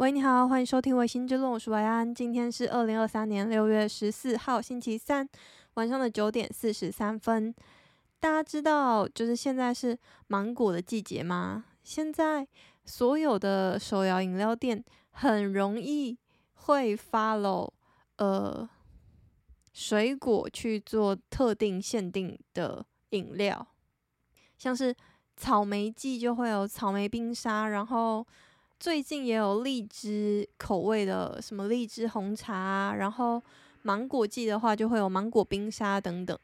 喂，你好，歡迎收聽《薇心之論》，我是白安。今天是二零二三年六月十四號星期三晚上的九點四十三分。大家知道，就是現在是芒果的季節嗎？現在所有的手搖飲料店很容易會 follow 呃，水果去做特定限定的飲料，像是草莓季就會有草莓冰沙，然後。最近也有荔枝口味的，什麼荔枝紅茶啊，然後芒果季的話就會有芒果冰沙等等。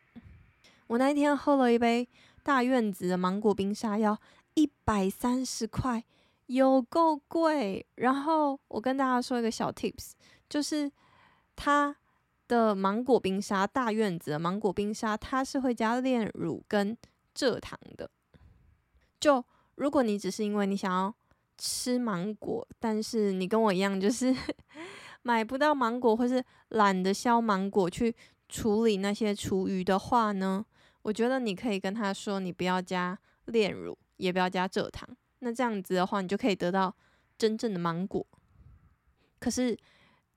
我那一天喝了一杯大院子的芒果冰沙，要一百三十塊，有夠貴。然後我跟大家說一個小 tips，就是它的芒果冰沙，大院子的芒果冰沙，它是會加煉乳跟蔗糖的。就如果你只是因為你想要。吃芒果，但是你跟我一樣，就是 買不到芒果，或是懶得削芒果去處理那些廚餘的話呢，我覺得你可以跟他說，你不要加煉乳，也不要加蔗糖，那這樣子的話，你就可以得到真正的芒果。可是，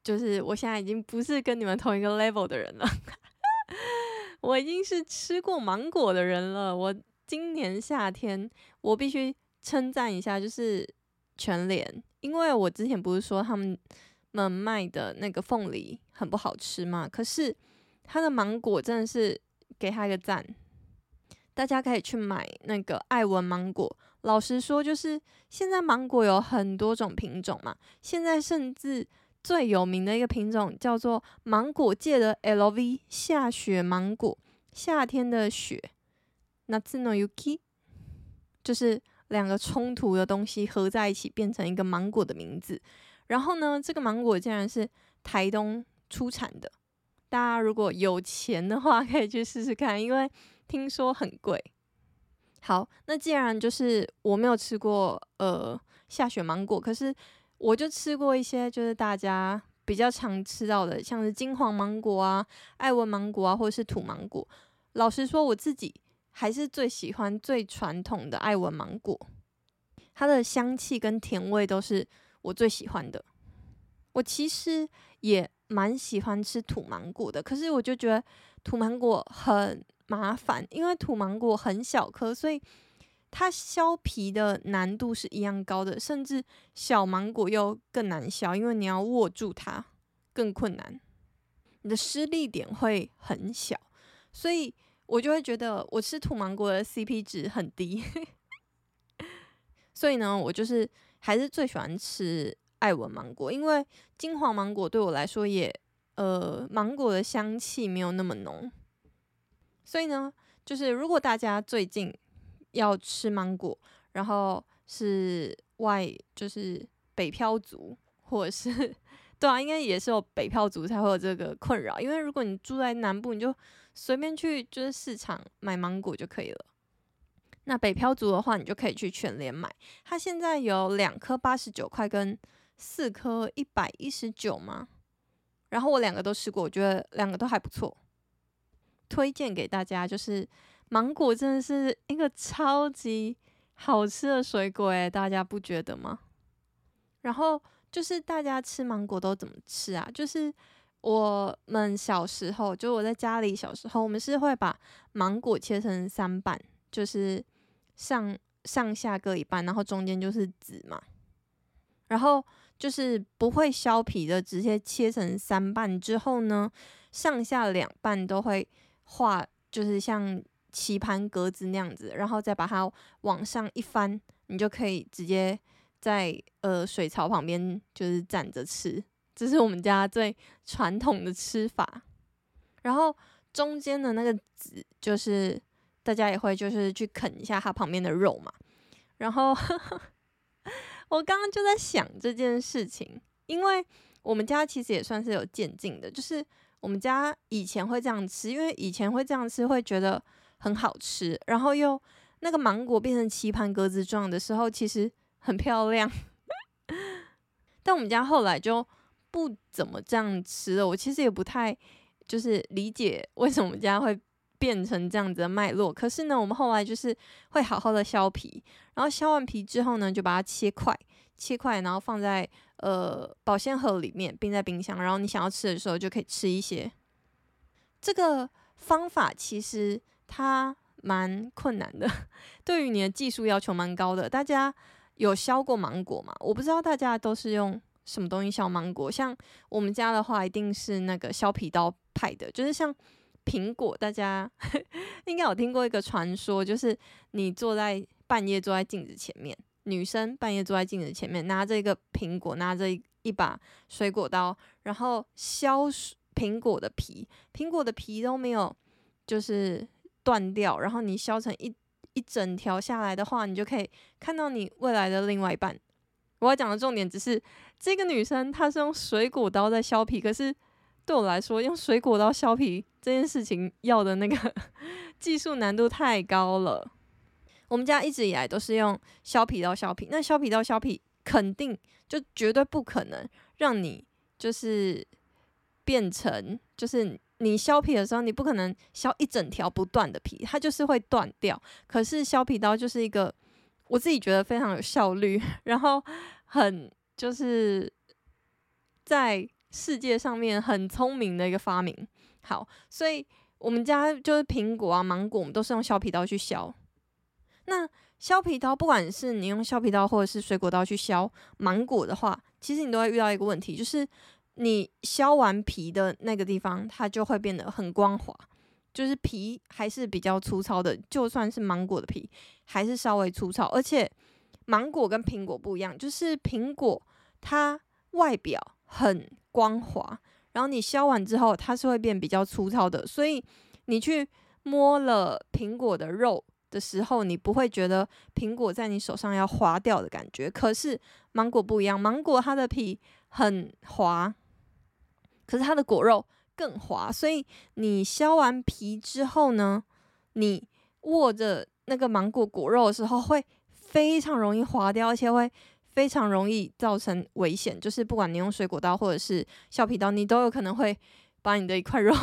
就是我現在已經不是跟你們同一個 level 的人了， 我已經是吃過芒果的人了。我今年夏天，我必須稱讚一下，就是。全聯，因為我之前不是說他們他們賣的那個鳳梨很不好吃嘛？可是他的芒果真的是給他一個讚，大家可以去買那個愛文芒果。老實說，就是現在芒果有很多種品種嘛，現在甚至最有名的一個品種叫做芒果界的 LV，夏雪芒果，夏天的雪，夏の雪，就是。兩個衝突的東西合在一起變成一個芒果的名字，然後呢，這個芒果竟然是台東出產的。大家如果有錢的話，可以去試試看，因為聽說很貴。好，那既然就是我沒有吃過呃下雪芒果，可是我就吃過一些就是大家比較常吃到的，像是金黃芒果啊、愛文芒果啊，或者是土芒果。老實說，我自己。還是最喜歡最傳統的愛文芒果，它的香氣跟甜味都是我最喜歡的。我其實也蠻喜歡吃土芒果的，可是我就覺得土芒果很麻煩，因為土芒果很小顆，所以它削皮的難度是一樣高的，甚至小芒果又更難削，因為你要握住它更困難，你的施力點會很小，所以。我就會覺得我吃土芒果的 CP 值很低， 所以呢，我就是還是最喜歡吃愛文芒果，因為金黃芒果對我來說也呃，芒果的香氣沒有那麼濃，所以呢，就是如果大家最近要吃芒果，然後是外就是北漂族，或者是對啊，應該也是有北漂族才會有這個困擾，因為如果你住在南部，你就。隨便去就是市場買芒果就可以了。那北漂族的話，你就可以去全聯買，它現在有兩顆八十九塊跟四顆一百一十九嘛。然後我兩個都試過，我覺得兩個都還不錯，推薦給大家。就是芒果真的是一個超級好吃的水果，欸，哎，大家不覺得嗎？然後就是大家吃芒果都怎麼吃啊？就是。我們小時候，就我在家裡小時候，我們是會把芒果切成三瓣，就是上上下各一半，然後中間就是籽嘛。然後就是不會削皮的，直接切成三瓣之後呢，上下兩半都會畫，就是像棋盤格子那樣子，然後再把它往上一翻，你就可以直接在呃水槽旁邊就是站着吃。這是我們家最傳統的吃法，然後中間的那個籽，就是大家也會就是去啃一下它旁邊的肉嘛。然後呵呵我剛剛就在想這件事情，因為我們家其實也算是有漸進的，就是我們家以前會這樣吃，因為以前會這樣吃會覺得很好吃，然後又那個芒果變成棋盤格子狀的時候，其實很漂亮。 但我們家後來就。不怎麼這樣吃的，我其實也不太就是理解為什麼我們家會變成這樣子的脈絡。可是呢，我們後來就是會好好的削皮，然後削完皮之後呢，就把它切塊，切塊，然後放在呃保鮮盒裡面，冰在冰箱，然後你想要吃的時候就可以吃一些。這個方法其實它蠻困難的，對於你的技術要求蠻高的。大家有削過芒果嗎？我不知道大家都是用。什麼東西削芒果？像我們家的話，一定是那個削皮刀派的。就是像蘋果，大家 應該有聽過一個傳說，就是你坐在半夜坐在鏡子前面，女生半夜坐在鏡子前面，拿着一個蘋果，拿着一把水果刀，然後削蘋果的皮，蘋果的皮都沒有，就是斷掉。然後你削成一一整條下來的話，你就可以看到你未來的另外一半。我要講的重點只是。這個女生她是用水果刀在削皮，可是對我來說，用水果刀削皮這件事情要的那個技術難度太高了。我們家一直以來都是用削皮刀削皮，那削皮刀削皮肯定就絕對不可能讓你就是變成，就是你削皮的時候，你不可能削一整條不斷的皮，它就是會斷掉。可是削皮刀就是一個我自己覺得非常有效率，然後很。就是在世界上面很聰明的一個發明。好，所以我們家就是蘋果啊、芒果，我們都是用削皮刀去削。那削皮刀，不管是你用削皮刀或者是水果刀去削芒果的話，其實你都會遇到一個問題，就是你削完皮的那個地方，它就會變得很光滑，就是皮還是比較粗糙的。就算是芒果的皮，還是稍微粗糙，而且。芒果跟蘋果不一樣，就是蘋果它外表很光滑，然後你削完之後它是會變比較粗糙的，所以你去摸了蘋果的肉的時候，你不會覺得蘋果在你手上要滑掉的感覺。可是芒果不一樣，芒果它的皮很滑，可是它的果肉更滑，所以你削完皮之後呢，你握着那個芒果果肉的時候會。非常容易滑掉，而且會非常容易造成危險。就是不管你用水果刀或者是削皮刀，你都有可能會把你的一塊肉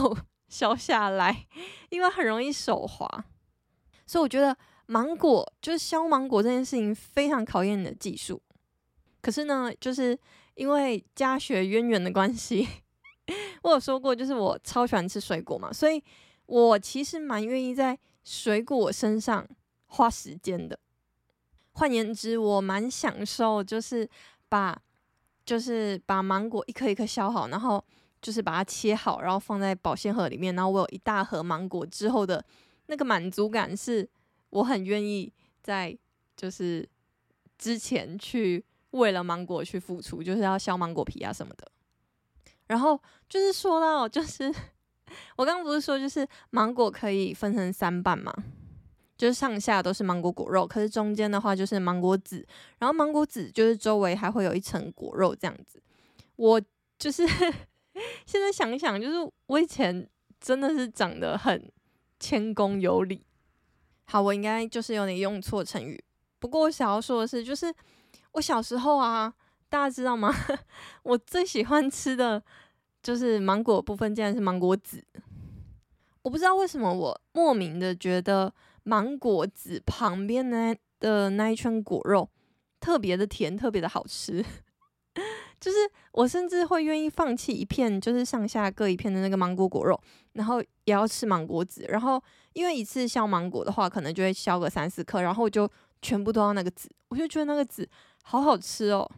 削下來，因為很容易手滑。所以我覺得芒果就是削芒果這件事情非常考驗你的技術。可是呢，就是因為家學淵源的關係， 我有說過，就是我超喜歡吃水果嘛，所以我其實蠻願意在水果身上花時間的。換言之，我蠻享受，就是把，就是把芒果一顆一顆削好，然後就是把它切好，然後放在保鮮盒裡面。然後我有一大盒芒果之後的那個滿足感，是我很願意在就是之前去為了芒果去付出，就是要削芒果皮啊什麼的。然後就是說到，就是我剛剛不是說，就是芒果可以分成三半嗎？就是上下都是芒果果肉，可是中間的話就是芒果籽，然後芒果籽就是周圍還會有一層果肉這樣子。我就是現在想一想，就是我以前真的是長得很謙恭有禮。好，我應該就是有點用錯成語。不過我想要說的是，就是我小時候啊，大家知道嗎？我最喜歡吃的就是芒果部分，竟然是芒果籽。我不知道為什麼，我莫名的覺得。芒果籽旁邊的的那一圈果肉特別的甜，特別的好吃。 就是我甚至會願意放棄一片，就是上下各一片的那個芒果果肉，然後也要吃芒果籽。然後因為一次削芒果的話，可能就會削個三四顆，克，然後我就全部都要那個籽，我就覺得那個籽好好吃哦。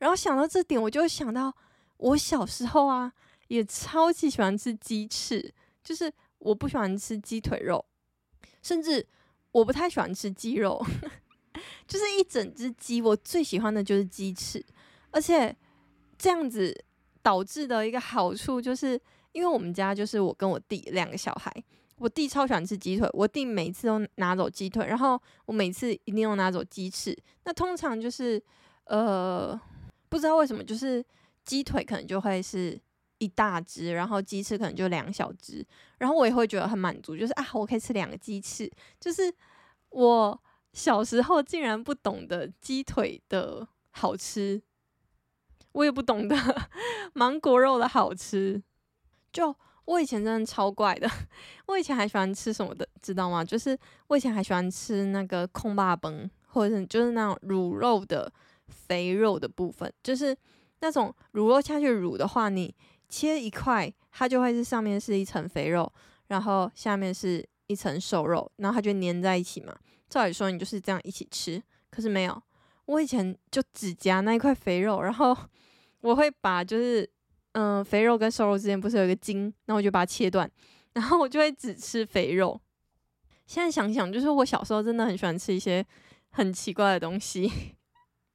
然後想到這點，我就想到我小時候啊，也超級喜歡吃雞翅，就是我不喜歡吃雞腿肉。甚至我不太喜歡吃雞肉， 就是一整隻雞。我最喜歡的就是雞翅，而且這樣子導致的一個好處就是，因為我們家就是我跟我弟兩個小孩，我弟超喜歡吃雞腿，我弟每次都拿走雞腿，然後我每次一定要拿走雞翅。那通常就是呃，不知道為什麼，就是雞腿可能就會是。一大隻，然後雞翅可能就兩小隻，然後我也會覺得很滿足，就是啊，我可以吃兩個雞翅。就是我小時候竟然不懂得雞腿的好吃，我也不懂得芒果肉的好吃。就我以前真的超怪的，我以前還喜歡吃什麼的，知道嗎？就是我以前還喜歡吃那個焢肉飯，或者是就是那種滷肉的肥肉的部分，就是那種滷肉下去滷的話，你。切一塊，它就會是上面是一層肥肉，然後下面是一層瘦肉，然後它就粘在一起嘛。照理說你就是這樣一起吃，可是沒有。我以前就只夾那一塊肥肉，然後我會把就是嗯、呃、肥肉跟瘦肉之間不是有一個筋，那我就把它切斷，然後我就會只吃肥肉。現在想想，就是我小時候真的很喜歡吃一些很奇怪的東西。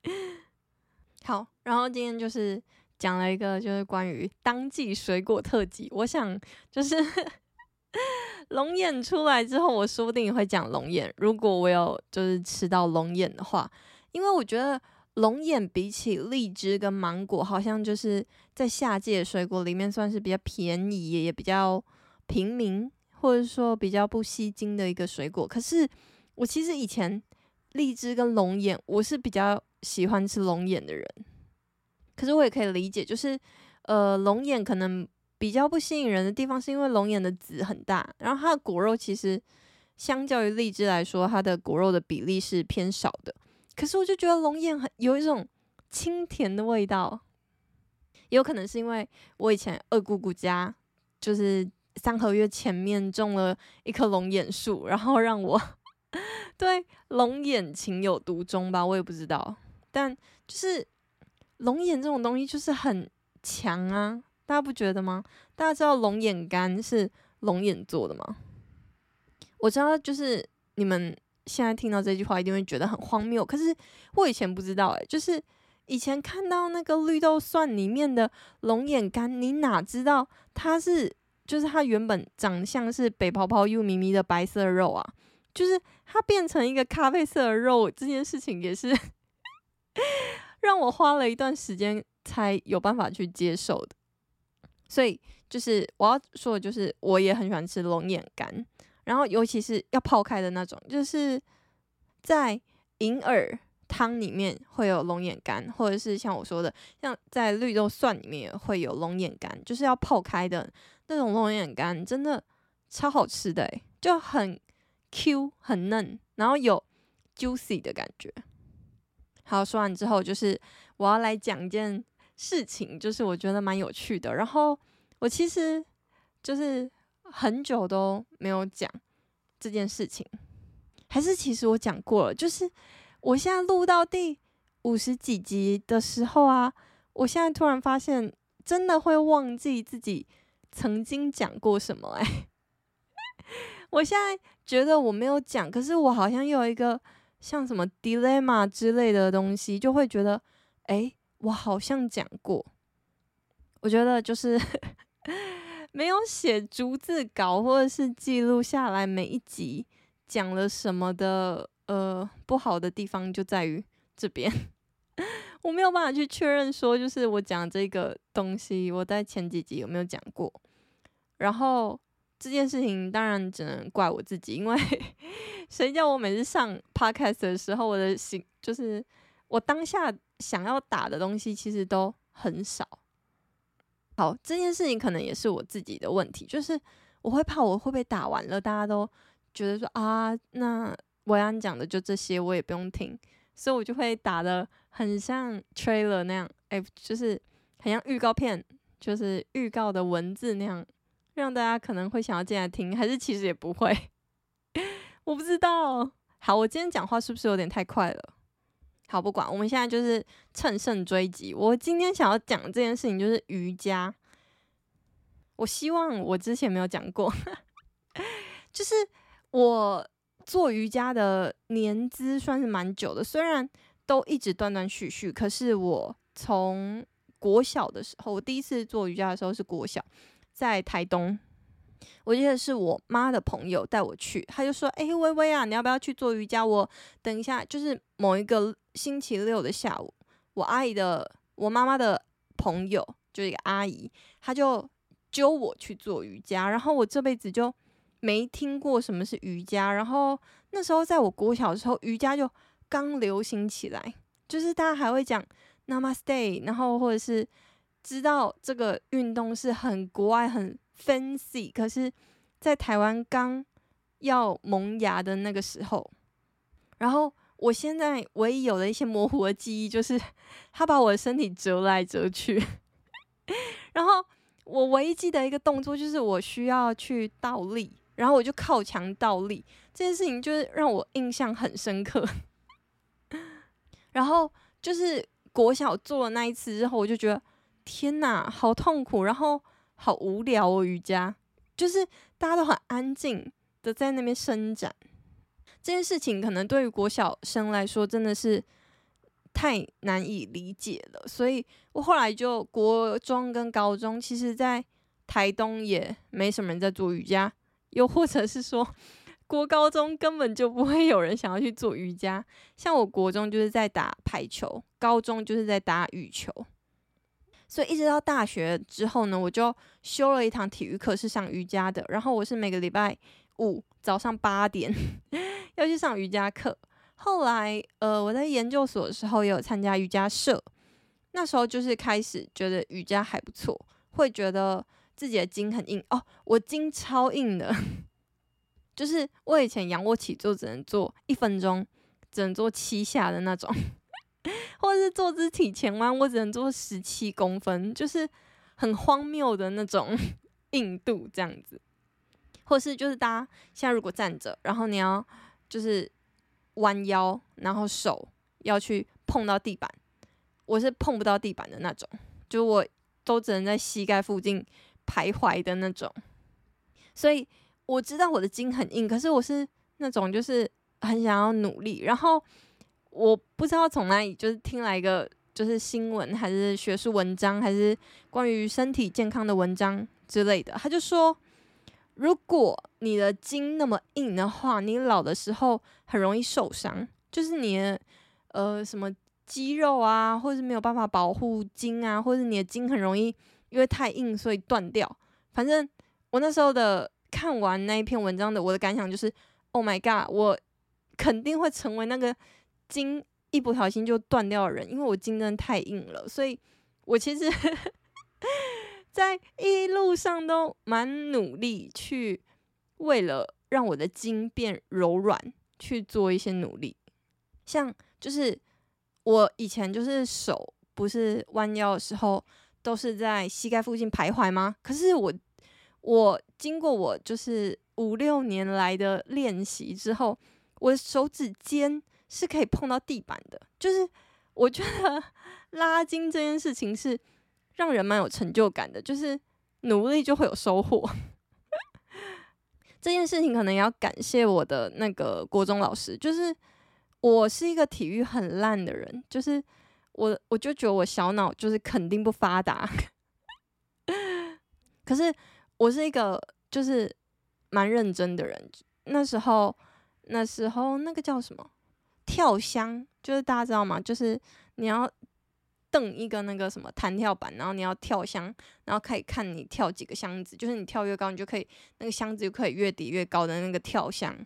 好，然後今天就是。講了一個就是關於當季水果特輯，我想就是龍 眼出來之後，我說不定也會講龍眼。如果我有就是吃到龍眼的話，因為我覺得龍眼比起荔枝跟芒果，好像就是在夏季的水果裡面算是比較便宜，也、也比較平民，或者說比較不吸睛的一個水果。可是我其實以前荔枝跟龍眼，我是比較喜歡吃龍眼的人。可是我也可以理解，就是，呃，龍眼可能比較不吸引人的地方，是因為龍眼的籽很大，然後它的果肉其實相較於荔枝來說，它的果肉的比例是偏少的。可是我就覺得龍眼很有一種清甜的味道，也有可能是因為我以前二姑姑家就是三合院前面種了一棵龍眼樹，然後讓我 對龍眼情有獨鍾吧，我也不知道，但就是。龍眼這種東西就是很強啊，大家不覺得嗎？大家知道龍眼乾是龍眼做的嗎？我知道，就是你們現在聽到這句話一定會覺得很荒謬，可是我以前不知道哎、欸，就是以前看到那個綠豆蒜裡面的龍眼乾，你哪知道它是就是它原本長相是白泡泡幼咪咪的白色的肉啊，就是它變成一個咖啡色的肉這件事情也是。 讓我花了一段時間才有辦法去接受的，所以就是我要說的，就是我也很喜歡吃龍眼乾，然後尤其是要泡開的那種，就是在銀耳湯裡面會有龍眼乾，或者是像我說的，像在綠豆蒜裡面會有龍眼乾，就是要泡開的那種龍眼乾，真的超好吃的欸，就很 Q 很嫩，然後有 juicy 的感覺。好，說完之後，就是我要來講一件事情，就是我覺得蠻有趣的。然後我其實就是很久都沒有講這件事情，還是其實我講過了。就是我現在錄到第五十幾集的時候啊，我現在突然發現，真的會忘記自己曾經講過什麼。哎， 我現在覺得我沒有講，可是我好像又有一個。像什麼 dilemma 之類的東西，就會覺得，哎，我好像講過。我覺得就是，呵呵，沒有寫逐字稿或者是記錄下來每一集講了什麼的，呃，不好的地方就在於這邊，我沒有辦法去確認說，就是我講這個東西，我在前幾集有沒有講過，然後。這件事情當然只能怪我自己，因為誰叫我每次上 Podcast 的時候，我的心就是我當下想要打的東西其實都很少。好，這件事情可能也是我自己的問題，就是我會怕我會被打完了，大家都覺得說啊，那我要講的就這些，我也不用聽，所以我就會打的很像 trailer 那樣，哎，就是很像預告片，就是預告的文字那樣。讓大家可能會想要進來聽，還是其實也不會， 我不知道。好，我今天講話是不是有點太快了？好，不管，我們現在就是乘勝追擊。我今天想要講這件事情就是瑜伽。我希望我之前沒有講過， 就是我做瑜伽的年資算是蠻久的，雖然都一直斷斷續續，可是我從國小的時候，我第一次做瑜伽的時候是國小。在台東，我記得是我媽的朋友帶我去，她就說：“哎、欸，薇薇啊，你要不要去做瑜伽？”我等一下就是某一個星期六的下午，我阿姨的我媽媽的朋友就是一個阿姨，她就揪我去做瑜伽，然後我這輩子就沒聽過什麼是瑜伽。然後那時候在我國小的時候，瑜伽就剛流行起來，就是大家還會講 Namaste，然後或者是。知道這個運動是很國外、很 fancy，可是在台灣剛要萌芽的那個時候，然後我現在唯一有的一些模糊的記憶就是他把我的身體折來折去， 然後我唯一記得一個動作就是我需要去倒立，然後我就靠牆倒立，這件事情就是讓我印象很深刻。 然後就是國小做了那一次之後，我就覺得。天吶，好痛苦，然後好無聊哦。瑜伽就是大家都很安靜的在那邊伸展，這件事情可能對於國小生來說真的是太難以理解了。所以我後來就國中跟高中，其實在台東也沒什麼人在做瑜伽，又或者是說國高中根本就不會有人想要去做瑜伽。像我國中就是在打排球，高中就是在打羽球。所以一直到大學之後呢，我就修了一堂體育課，是上瑜伽的。然後我是每個禮拜五早上八點要去上瑜伽課。後來，呃，我在研究所的時候也有參加瑜伽社。那時候就是開始覺得瑜伽還不錯，會覺得自己的筋很硬。哦，我筋超硬的，就是我以前仰臥起坐只能做一分鐘，只能做七下的那種。或是坐姿體前彎，我只能做十七公分，就是很荒謬的那種硬度這樣子。或是就是大家現在如果站着，然後你要就是彎腰，然後手要去碰到地板，我是碰不到地板的那種，就我都只能在膝蓋附近徘徊的那種。所以我知道我的筋很硬，可是，我是那種就是很想要努力，然後。我不知道從哪裡就是聽來一個就是新聞還是學術文章還是關於身體健康的文章之類的，他就說，如果你的筋那麼硬的話，你老的時候很容易受傷，就是你的呃什麼肌肉啊，或者是沒有辦法保護筋啊，或者是你的筋很容易因為太硬所以斷掉。反正我那時候的看完那一篇文章的我的感想就是，Oh my god，我肯定會成為那個。筋一不小心就斷掉的人，人因為我筋真的太硬了，所以我其實 在一路上都蠻努力去，為了讓我的筋變柔軟，去做一些努力。像就是我以前就是手不是彎腰的時候都是在膝蓋附近徘徊嗎？可是我我經過我就是五六年來的練習之後，我手指尖。是可以碰到地板的，就是我覺得拉筋這件事情是讓人蠻有成就感的，就是努力就會有收穫。 這件事情可能也要感謝我的那個國中老師，就是我是一個體育很爛的人，就是我我就覺得我小腦就是肯定不發達， 可是我是一個就是蠻認真的人，那時候那時候那個叫什麼？跳箱就是大家知道嗎？就是你要蹬一個那個什麼彈跳板，然後你要跳箱，然後可以看你跳幾個箱子。就是你跳越高，你就可以那個箱子就可以越疊越高的那個跳箱。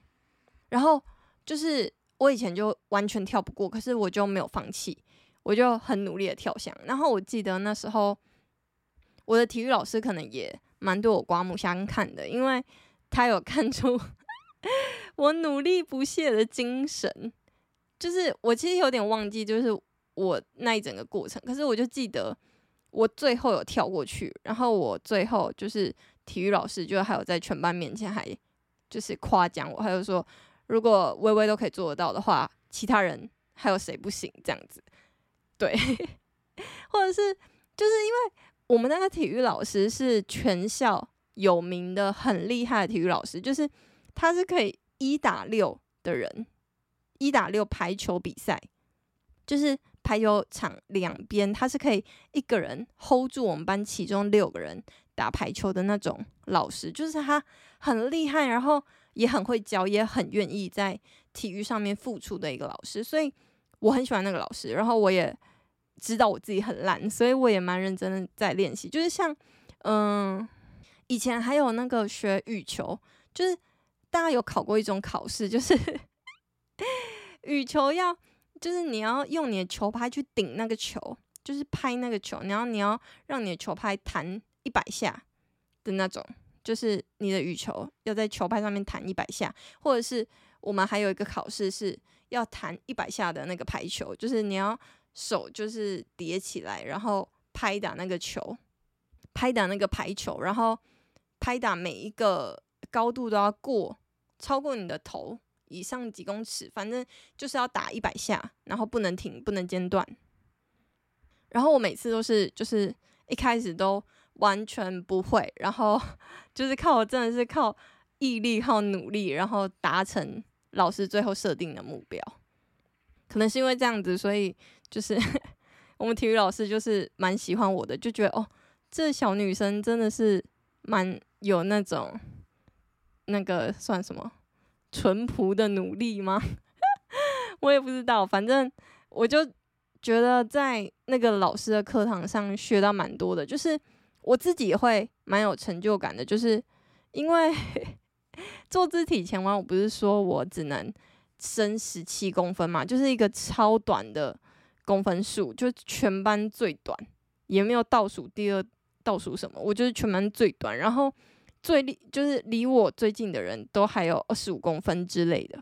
然後就是我以前就完全跳不過，可是我就沒有放棄，我就很努力的跳箱。然後我記得那時候我的體育老師可能也蠻對我刮目相看的，因為他有看出 我努力不懈的精神。就是我其實有點忘記，就是我那一整個過程，可是我就記得我最後有跳過去，然後我最後就是體育老師，就還有在全班面前還就是誇獎我，還有說如果薇薇都可以做得到的話，其他人還有誰不行？這樣子，對， 或者是就是因為我們那個體育老師是全校有名的很厲害的體育老師，就是他是可以一打六的人。一打六排球比賽，就是排球場兩邊，他是可以一個人 hold 住我們班其中六個人打排球的那種老師，就是他很厲害，然後也很會教，也很願意在體育上面付出的一個老師。所以我很喜歡那個老師，然後我也知道我自己很爛，所以我也蠻認真的在練習。就是像嗯，以前還有那個學羽球，就是大家有考過一種考試，就是。 羽球要，就是你要用你的球拍去頂那個球，就是拍那個球，然後你要讓你的球拍彈一百下的那種，就是你的羽球要在球拍上面彈一百下，或者是我們還有一個考試是要彈一百下的那個排球，就是你要手就是疊起來，然後拍打那個球，拍打那個排球，然後拍打每一個高度都要過，超過你的頭。以上幾公尺，反正就是要打一百下，然後不能停，不能間斷。然後我每次都是，就是一開始都完全不會，然後就是靠我真的是靠毅力、靠努力，然後達成老師最後設定的目標。可能是因為這樣子，所以就是 我們體育老師就是蠻喜歡我的，就覺得哦，這小女生真的是蠻有那種，那個算什麼？純樸的努力嗎？ 我也不知道，反正我就覺得在那個老師的課堂上學到蠻多的，就是我自己也會蠻有成就感的，就是因為坐姿體前彎，我不是說我只能伸十七公分嘛，就是一個超短的公分數，就全班最短，也沒有倒數第二、倒數什麼，我就是全班最短，然後。最離就是離我最近的人都還有二十五公分之類的，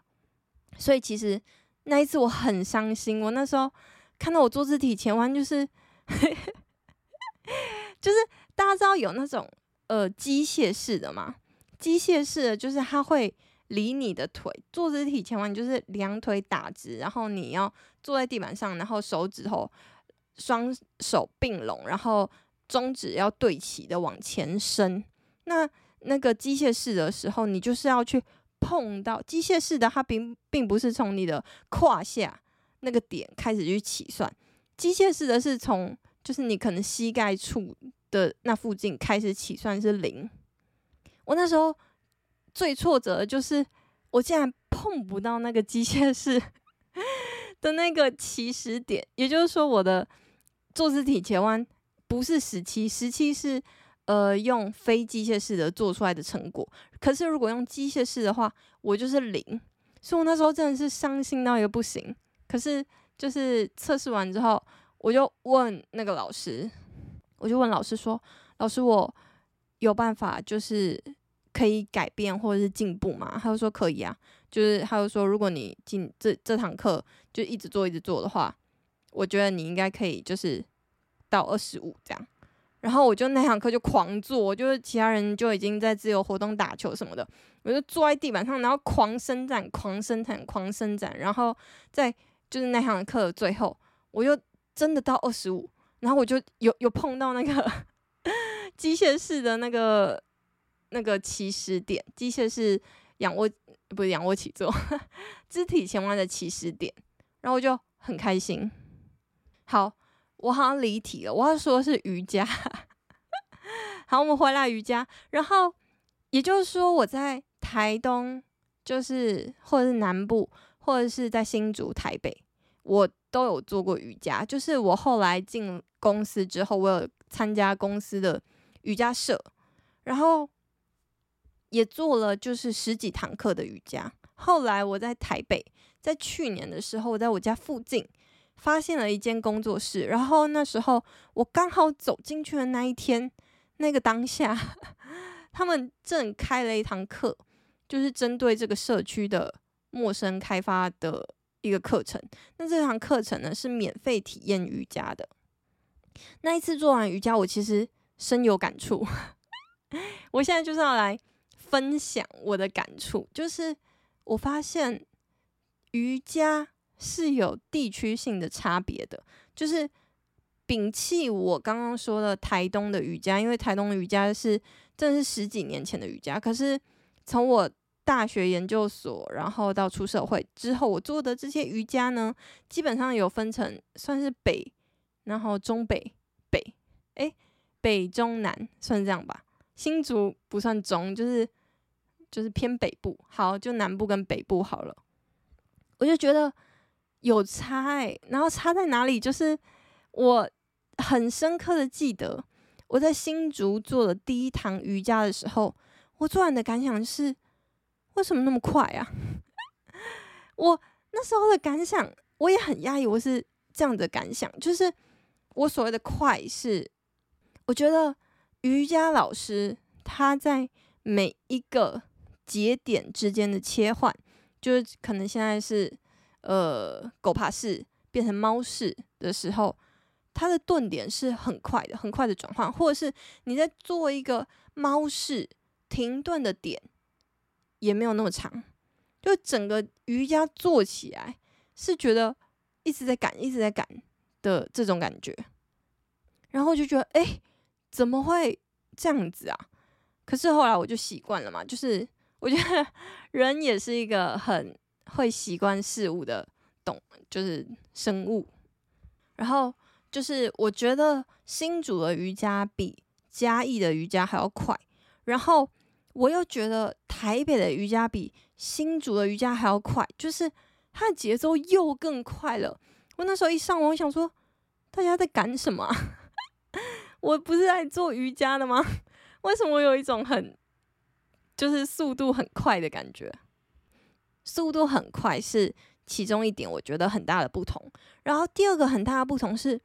所以其實那一次我很傷心。我那時候看到我坐姿體前彎，就是 就是大家知道有那種呃機械式的嘛，機械式的就是它會離你的腿坐姿體前彎，就是兩腿打直，然後你要坐在地板上，然後手指頭雙手併攏，然後中指要對齊的往前伸，那。那個機械式的時候，你就是要去碰到機械式的，它，並並不是從你的胯下那個點開始去起算，機械式的是從就是你可能膝蓋處的那附近開始起算是零。我那時候最挫折的就是我竟然碰不到那個機械式的那個起始點，也就是說我的坐姿體前彎不是十七，十七是。呃，用非機械式的做出來的成果，可是如果用機械式的話，我就是零，所以我那時候真的是傷心到一個不行。可是就是測試完之後，我就問那個老師，我就問老師說：“老師，我有辦法就是可以改變或者是進步嗎？”他就說：“可以啊，就是他就說，如果你進這這堂課就一直做一直做的話，我覺得你應該可以就是到二十五這樣。”然後我就那堂課就狂做，我就是其他人就已經在自由活動打球什麼的，我就坐在地板上，然後狂伸展、狂伸展、狂伸展。然後在就是那堂課的最後，我又真的到二十五，然後我就有有碰到那個機械式的那個那個起始點，機械式仰臥不是仰臥起坐，肢體前彎的起始點，然後我就很開心。好。我好像離題了，我要說是瑜伽。 好，我們回來瑜伽。然後也就是說，我在台東，就是或者是南部，或者是在新竹、台北，我都有做過瑜伽。就是我後來進公司之後，我有參加公司的瑜伽社，然後也做了就是十幾堂課的瑜伽。後來我在台北，在去年的時候，我在我家附近。發現了一間工作室，然後那時候我剛好走進去的那一天，那個當下，他們正開了一堂課，就是針對這個社區的陌生開發的一個課程。那這堂課程呢是免費體驗瑜伽的。那一次做完瑜伽，我其實深有感觸。 我現在就是要來分享我的感觸，就是我發現瑜伽。是有地區性的差別的，就是摒棄我剛剛說的台東的瑜伽，因為台東的瑜伽，就是真的是十幾年前的瑜伽。可是從我大學研究所，然後到出社會之後，我做的這些瑜伽呢，基本上有分成算是北，然後中北北，誒、欸，北中南算是這樣吧。新竹不算中，就是就是偏北部。好，就南部跟北部好了，我就覺得。有差、欸，然後差在哪裡？就是我很深刻的記得，我在新竹做的第一堂瑜伽的時候，我做完的感想是：為什麼那麼快啊？ 我那時候的感想，我也很壓抑，我是這樣的感想，就是我所謂的快是，我覺得瑜伽老師他在每一個節點之間的切換，就是可能現在是。呃，狗爬式變成貓式的時候，它的頓點是很快的，很快的轉換，或者是你在做一個貓式停頓的點，也沒有那麼長。就整個瑜伽做起來是覺得一直在趕，一直在趕的這種感覺。然後就覺得，哎、欸，怎麼會這樣子啊？可是後來我就習慣了嘛，就是我覺得人也是一個很。會習慣事物的動，就是生物。然後就是，我覺得新竹的瑜伽比嘉義的瑜伽還要快。然後我又覺得台北的瑜伽比新竹的瑜伽還要快，就是它的節奏又更快了。我那時候一上網，我想說，大家在趕什麼啊？ 我不是在做瑜伽的嗎？為什麼我有一種很就是速度很快的感覺？速度很快是其中一點，我覺得很大的不同。然後第二個很大的不同是，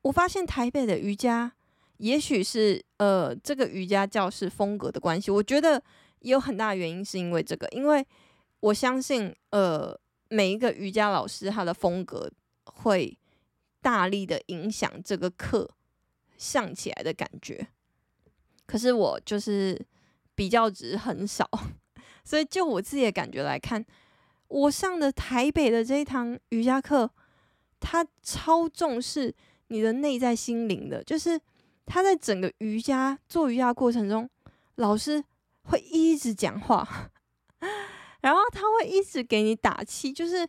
我發現台北的瑜伽，也許是呃這個瑜伽教室風格的關係，我覺得也有很大原因是因為這個，因為我相信呃每一個瑜伽老師他的風格會大力的影響這個課上起來的感覺。可是我就是比較值很少。所以，就我自己的感覺來看，我上的台北的這一堂瑜伽課，他超重視你的內在心靈的。就是他在整個瑜伽做瑜伽的過程中，老師會一直講話，然後他會一直給你打氣，就是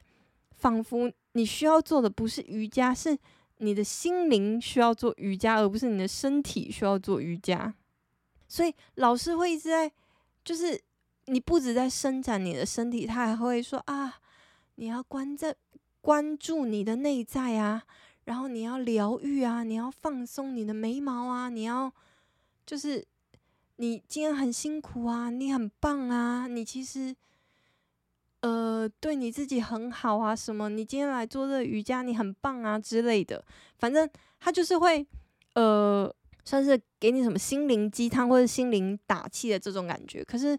仿佛你需要做的不是瑜伽，是你的心靈需要做瑜伽，而不是你的身體需要做瑜伽。所以，老師會一直在，就是。你不只在伸展你的身體，他還會說啊，你要關在關注你的內在啊，然後你要療癒啊，你要放鬆你的眉毛啊，你要就是你今天很辛苦啊，你很棒啊，你其實呃對你自己很好啊，什麼你今天來做這瑜伽，你很棒啊之類的，反正他就是會呃算是給你什麼心靈雞湯或者心靈打氣的這種感覺，可是。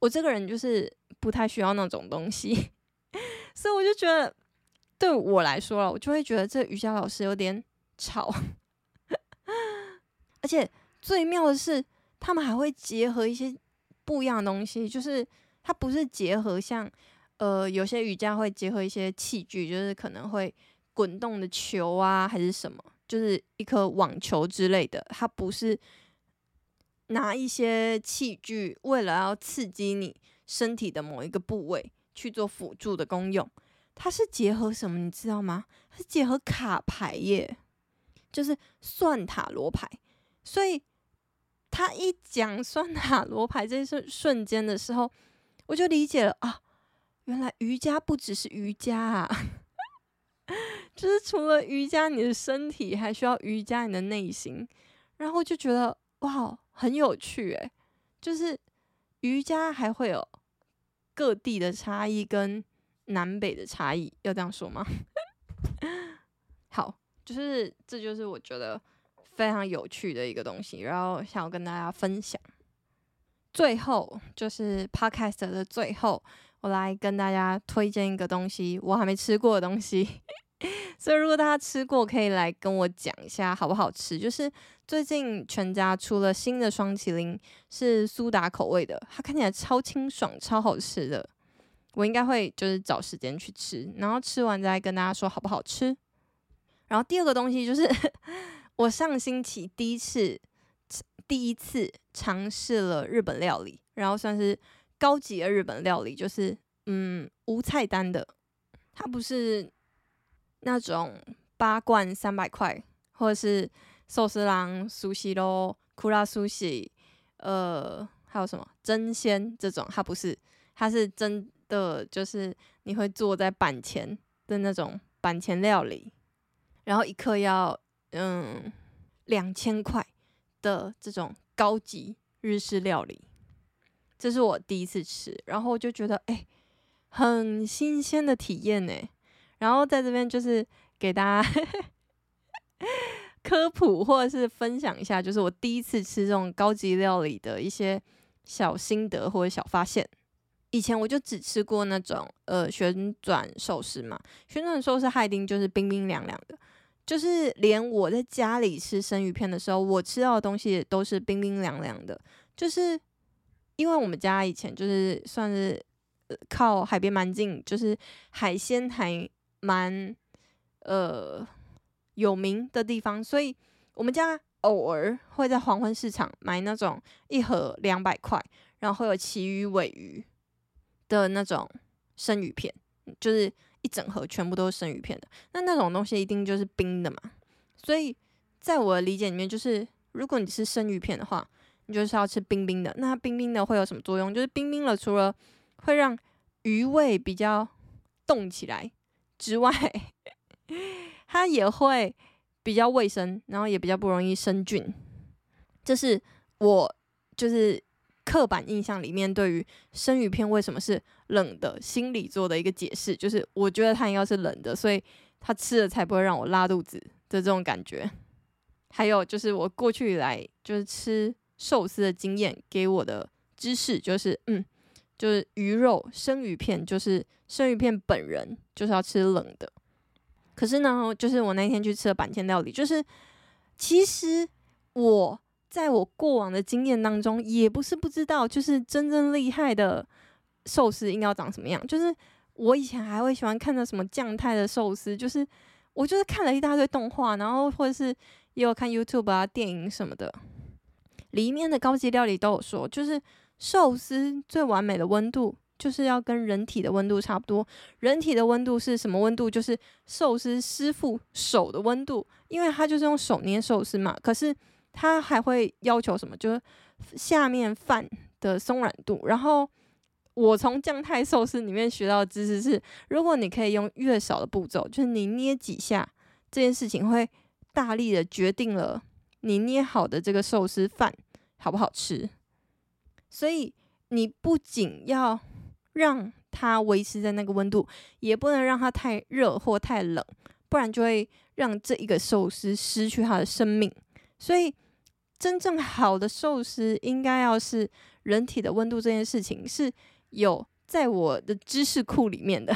我這個人就是不太需要那種東西，所以我就覺得，對我來說了，我就會覺得這瑜伽老師有點吵。 而且最妙的是，他們還會結合一些不一樣的東西，就是它不是結合像呃有些瑜伽會結合一些器具，就是可能會滾動的球啊，還是什麼，就是一顆網球之類的，它不是。拿一些器具，為了要刺激你身體的某一個部位去做輔助的功用，它是結合什麼？你知道嗎？是結合卡牌耶，就是算塔羅牌。所以他一講算塔羅牌這一瞬瞬間的時候，我就理解了啊，原來瑜伽不只是瑜伽啊，就是除了瑜伽，你的身體還需要瑜伽，你的內心。然後我就覺得。哇，wow，很有趣哎，欸！就是瑜伽還會有各地的差異跟南北的差異，要這樣說嗎？ 好，就是這就是我覺得非常有趣的一個東西，然後想要跟大家分享。最後就是 podcast 的最後，我來跟大家推薦一個東西，我還沒吃過的東西。 所以如果大家吃過，可以來跟我講一下好不好吃，就是。最近全家出了新的霜淇淋，是蘇打口味的，它看起來超清爽、超好吃的。我應該會就是找時間去吃，然後吃完再跟大家說好不好吃。然後第二個東西就是 我上星期第一次第一次嘗試了日本料理，然後算是高級的日本料理，就是嗯無菜單的，它不是那種八貫三百塊或者是。壽司郎、蘇西咯、庫拉蘇西，呃，還有什麼？爭鮮這種，它不是，它是真的，就是你會坐在板前的那種板前料理，然後一客要嗯兩千塊的這種高級日式料理，這是我第一次吃，然後就覺得哎、欸，很新鮮的體驗呢、欸，然後在這邊就是給大家。 科普或者是分享一下，就是我第一次吃這種高級料理的一些小心得或者小發現。以前我就只吃過那種呃旋轉壽司嘛，旋轉壽司害丁就是冰冰涼涼的，就是連我在家裡吃生魚片的時候，我吃到的東西都是冰冰涼涼的。就是因為我們家以前就是算是靠海邊蠻近，就是海鮮還蠻呃。有名的地方，所以我們家偶爾會在黃昏市場買那種一盒兩百塊，然後會有旗魚、鮪魚的那種生魚片，就是一整盒全部都是生魚片的。那那種東西一定就是冰的嘛。所以在我的理解裡面，就是如果你吃生魚片的話，你就是要吃冰冰的。那冰冰的會有什麼作用？就是冰冰了，除了會讓魚味比較凍起來之外。 它也會比較衛生，然後也比較不容易生菌。這是我就是刻板印象裡面對於生魚片為什麼是冷的心裡做的一個解釋。就是我覺得它應該是冷的，所以它吃了才不會讓我拉肚子的這種感覺。還有就是我過去以來就是吃壽司的經驗給我的知識，就是嗯，就是魚肉生魚片，就是生魚片本人就是要吃冷的。可是呢，就是我那一天去吃了板前料理，就是其實我在我過往的經驗當中，也不是不知道，就是真正厲害的壽司應該要長什麼樣。就是我以前還會喜歡看到什麼將太的壽司，就是我就是看了一大堆動畫，然後或者是也有看 YouTube 啊、電影什麼的，裡面的高級料理都有說，就是壽司最完美的溫度，就是要跟人體的溫度差不多。人體的溫度是什麼溫度？就是壽司師傅手的溫度，因為他就是用手捏壽司嘛。可是他還會要求什麼？就是下面飯的鬆軟度。然後我從將太壽司裡面學到的知識是，如果你可以用越少的步驟，就是你捏幾下這件事情，會大力的決定了你捏好的這個壽司飯好不好吃。所以你不僅要。讓它維持在那個溫度，也不能讓它太熱或太冷，不然就會讓這一個壽司失去它的生命。所以，真正好的壽司應該要是人體的溫度這件事情是有在我的知識庫裡面的，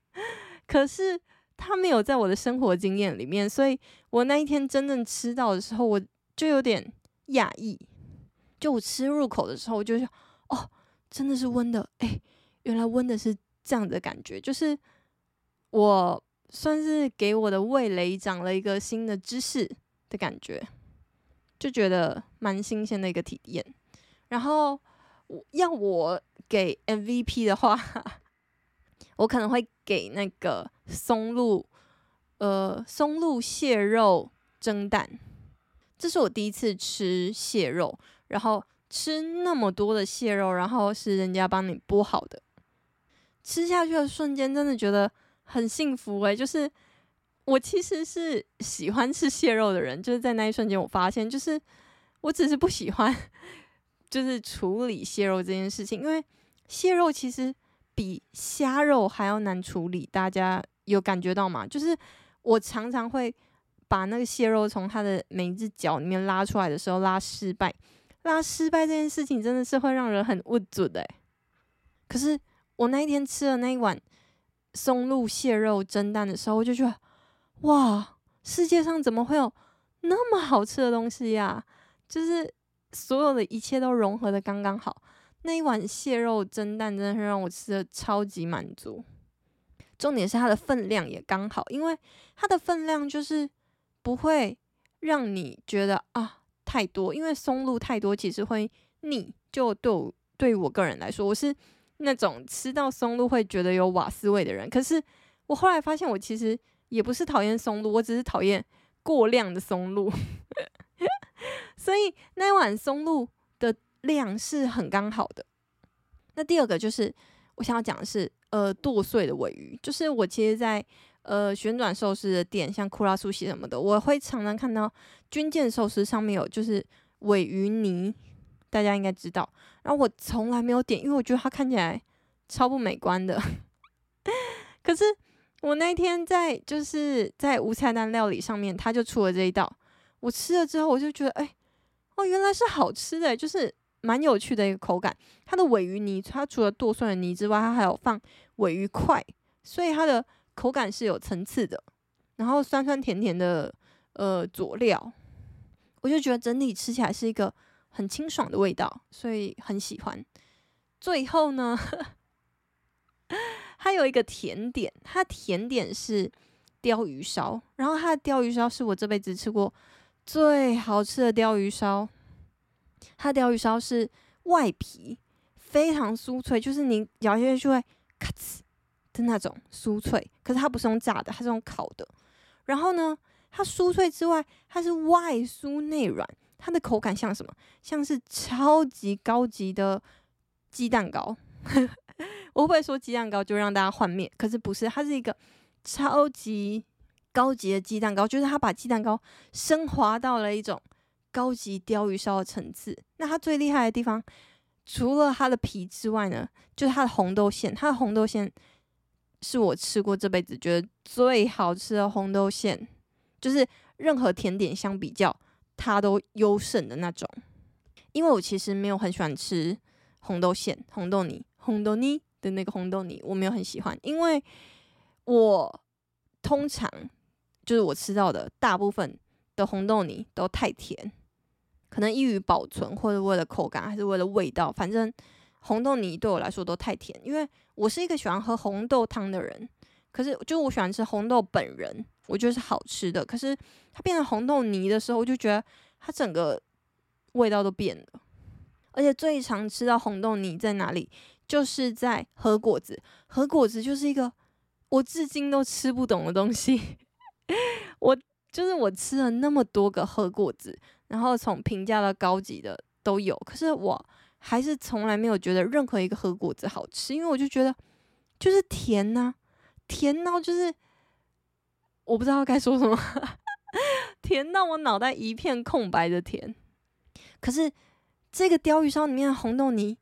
可是它沒有在我的生活經驗裡面，所以我那一天真正吃到的時候，我就有點訝異。就我吃入口的時候，我就想：哦，真的是溫的。欸，誒。原來溫的是這樣的感覺，就是我算是給我的味蕾長了一個新的知識的感覺，就覺得蠻新鮮的一個體驗。然後要我給 MVP 的話，我可能會給那個松露，呃，松露蟹肉蒸蛋。這是我第一次吃蟹肉，然後吃那麼多的蟹肉，然後是人家幫你剝好的。吃下去的瞬間，真的覺得很幸福哎、欸！就是我其實是喜歡吃蟹肉的人，就是在那一瞬間，我發現，就是我只是不喜歡，就是處理蟹肉這件事情，因為蟹肉其實比蝦肉還要難處理。大家有感覺到嗎？就是我常常會把那個蟹肉從它的每一只腳裡面拉出來的時候拉失敗，拉失敗這件事情真的是會讓人很無助的。可是。我那一天吃了那一碗松露蟹肉蒸蛋的時候，我就覺得哇，世界上怎麼會有那麼好吃的東西呀、啊？就是所有的一切都融合得剛剛好。那一碗蟹肉蒸蛋真的是讓我吃的超級滿足，重點是它的分量也剛好，因為它的分量就是不會讓你覺得啊太多，因為松露太多其實會膩。就對我對於我個人來說，我是。那種吃到松露會覺得有瓦斯味的人，可是我後來發現，我其實也不是討厭松露，我只是討厭過量的松露。 所以那一碗松露的量是很剛好的。那第二個就是我想要講的是，呃，剁碎的鮪魚，就是我其實在，在呃旋轉壽司的店，像庫拉蘇西什麼的，我會常常看到軍艦壽司上面有，就是鮪魚泥。大家應該知道，然後我從來沒有點，因為我覺得它看起來超不美觀的。 可是我那天在就是在無菜單料理上面，它就出了這一道。我吃了之後，我就覺得，哎、欸，哦，原來是好吃的，就是蠻有趣的一個口感。它的鮪魚泥，它除了剁碎的泥之外，它還有放鮪魚塊，所以它的口感是有層次的。然後酸酸甜甜的，呃，佐料，我就覺得整體吃起來是一個。很清爽的味道，所以很喜歡。最後呢，呵呵它有一個甜點，它甜點是鯛魚燒，然後它的鯛魚燒是我這輩子吃過最好吃的鯛魚燒。它鯛魚燒是外皮非常酥脆，就是你咬下去就會咔哧的那種酥脆。可是它不是用炸的，它是用烤的。然後呢，它酥脆之外，它是外酥內軟。它的口感像什麼？像是超級高級的雞蛋糕。 我不會說雞蛋糕就讓大家幻滅，可是不是，它是一個超級高級的雞蛋糕，就是它把雞蛋糕升華到了一種高級鯛魚燒的層次。那它最厲害的地方，除了它的皮之外呢，就是它的紅豆餡。它的紅豆餡是我吃過這輩子覺得最好吃的紅豆餡，就是任何甜點相比較。它都優勝的那種，因為我其實沒有很喜歡吃紅豆餡、紅豆泥、紅豆泥的那個紅豆泥，我沒有很喜歡，因為我通常就是我吃到的大部分的紅豆泥都太甜，可能易於保存，或者為了口感，還是為了味道，反正紅豆泥對我來說都太甜，因為我是一個喜歡喝紅豆湯的人，可是就我喜歡吃紅豆本人，我覺得是好吃的，可是它變成紅豆泥的時候，我就覺得它整個味道都變了。而且最常吃到紅豆泥在哪裡？就是在和果子。和果子就是一個我至今都吃不懂的東西。 我就是我吃了那麼多個和果子，然後從平價到高級的都有，可是我還是從來沒有覺得任何一個和果子好吃，因為我就覺得就是甜吶、啊，甜到就是。我不知道該說什麼， 甜到我腦袋一片空白的甜。可是這個鯛魚燒裡面的紅豆泥，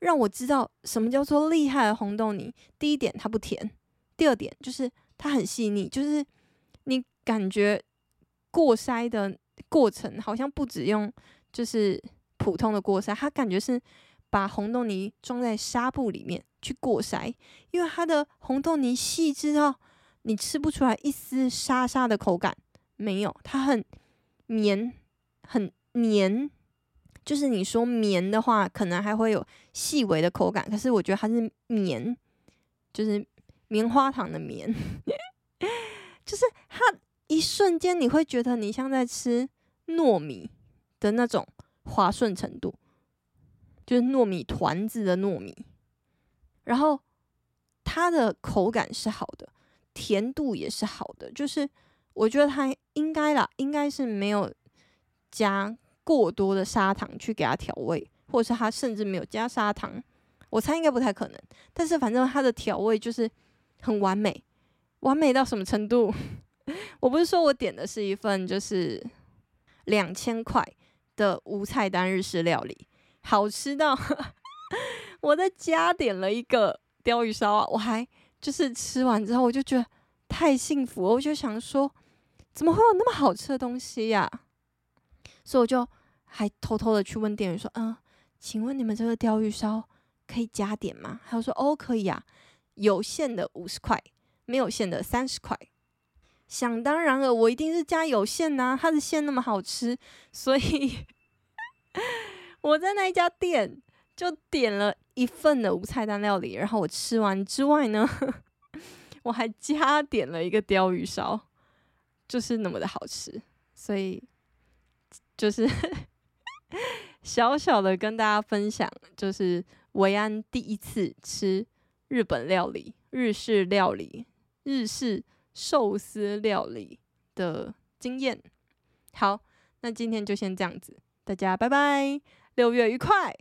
讓我知道什麼叫做厲害的紅豆泥。第一點，它不甜；第二點，就是它很細膩，就是你感覺過篩的過程好像不止用就是普通的過篩，它感覺是把紅豆泥裝在紗布裡面去過篩，因為它的紅豆泥細緻到。你吃不出來一絲沙沙的口感，沒有，它很綿，很綿，就是你說綿的話，可能還會有細微的口感，可是我覺得它是綿，就是棉花糖的棉， 就是它一瞬間你會覺得你像在吃糯米的那種滑順程度，就是糯米團子的糯米，然後它的口感是好的。甜度也是好的，就是我覺得它應該啦，應該是沒有加過多的砂糖去給它調味，或者是它甚至沒有加砂糖，我猜應該不太可能。但是反正它的調味就是很完美，完美到什麼程度？ 我不是說我點的是一份就是兩千塊的無菜單日式料理，好吃到 我再加點了一個鯛魚燒，啊，我還。就是吃完之後，我就覺得太幸福了，我就想說，怎麼會有那麼好吃的東西呀、啊？所以我就還偷偷的去問店員說：“嗯，請問你們這個鯛魚燒可以加點嗎？”他說：“哦，可以啊，有餡的五十塊，沒有餡的三十塊。”想當然了，我一定是加有餡吶、啊，他的餡那麼好吃，所以 我在那一家店。就點了一份的無菜單料理，然後我吃完之外呢，呵呵，我還加點了一個鯛魚燒，就是那麼的好吃，所以就是小小的跟大家分享，就是維安第一次吃日本料理、日式料理、日式壽司料理的經驗。好，那今天就先這樣子，大家拜拜，六月愉快！